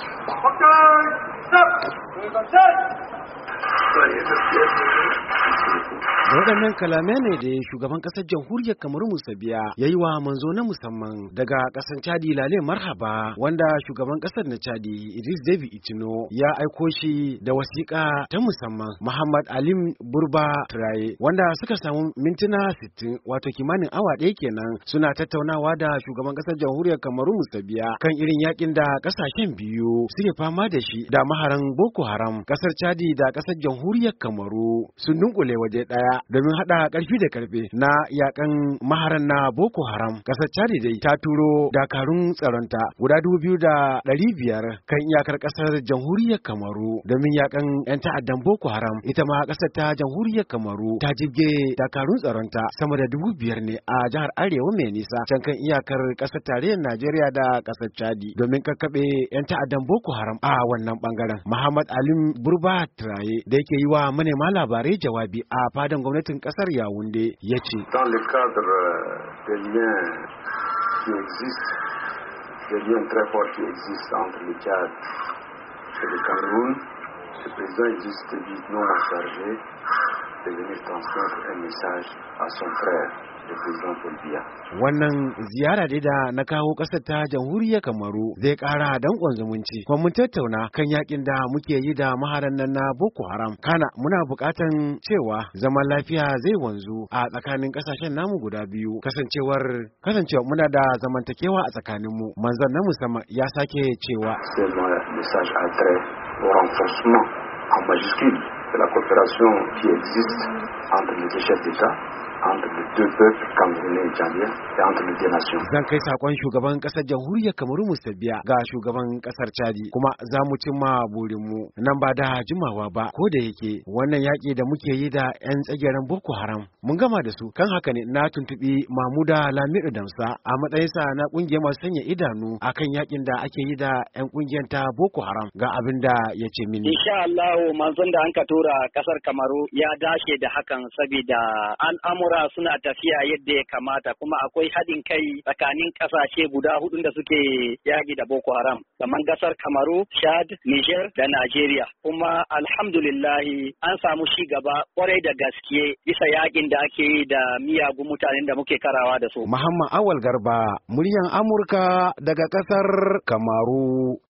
上，上，上。这也是。waɗannan kalamai ne da shugaban ƙasar jamhuriyar kamaru musa biya ya yi wa manzo na musamman daga ƙasar chadi lale marhaba wanda shugaban ƙasar na chadi idris devi itino ya aiko shi da wasiƙa ta musamman muhammad alim burba traye wanda suka samu mintuna sittin wato kimanin awa ɗaya kenan suna tattaunawa da shugaban ƙasar jamhuriyar kamaru musa biya kan irin yakin da ƙasashen biyu suke fama da shi da maharan boko haram ƙasar chadi da ƙasar jamhuriyar kamaru sun dunkule waje ɗaya domin hada karfi da karfe na yakan maharan na Boko Haram. Kasar Chad dai ta turo dakarun tsaronta guda dubu da ɗari biyar kan iyakar kasar jamhuriyar Kamaru domin yakan 'yan ta'addan Boko Haram. Ita ma kasar ta jamhuriyar Kamaru ta jibge dakarun tsaronta sama da dubu biyar ne a jihar Arewa mai nisa can kan iyakar kasar tarayyar Najeriya da kasar chad domin kakkaɓe 'yan ta'addan Boko Haram a wannan bangaren. Muhammad Alim Burba Traye da yake yi wa manema labarai jawabi a fadan Dans le cadre euh, des liens qui existent, des liens très forts qui existent entre le Tchad et le Cameroun, ce président existe dit non charger. da yi a message a son frère da president Wannan ziyara dai da na kawo ƙasar ta ya Kamaru zai ƙara danƙon zumunci. Kuma mun tattauna kan yakin da muke yi da maharan nan na Boko Haram. Kana muna buƙatan cewa zaman lafiya zai wanzu a tsakanin ƙasashen namu guda biyu. Kasancewar kasancewa muna da zamantakewa a tsakanin mu. Manzon na musamman ya sake cewa. C'est mon message à au renforcement en de la coopération qui existe entre les chefs d'État Zan kai sakon shugaban kasar jamhuriyar Kamaru Musta Biya ga shugaban ƙasar Chadi kuma za mu cimma burinmu nan ba da jimawa ba ko da yake wannan yaƙi da muke yi da 'yan tsageren Boko Haram mun gama da su kan haka ne na tuntuɓi Mahmuda Lamiru Damsa a matsayinsa na ƙungiyar masu sanya idanu a kan yaƙin da ake yi da 'yan ƙungiyar ta Boko Haram ga abin da ya ce mini. Insha Allah manzon da an ka tura ƙasar Kamaru ya dace da hakan saboda al'amur al'amura suna tafiya yadda ya kamata kuma akwai haɗin kai tsakanin ƙasashe guda hudu da suke yaƙi da Boko Haram kamar gasar Kamaru, Chad, Niger da Najeriya. Kuma alhamdulillahi an samu shi gaba kwarai da gaske bisa yaƙin da ake yi da miyagun mutanen da muke karawa da su. Muhammad Awal Garba, muryan Amurka daga ƙasar Kamaru.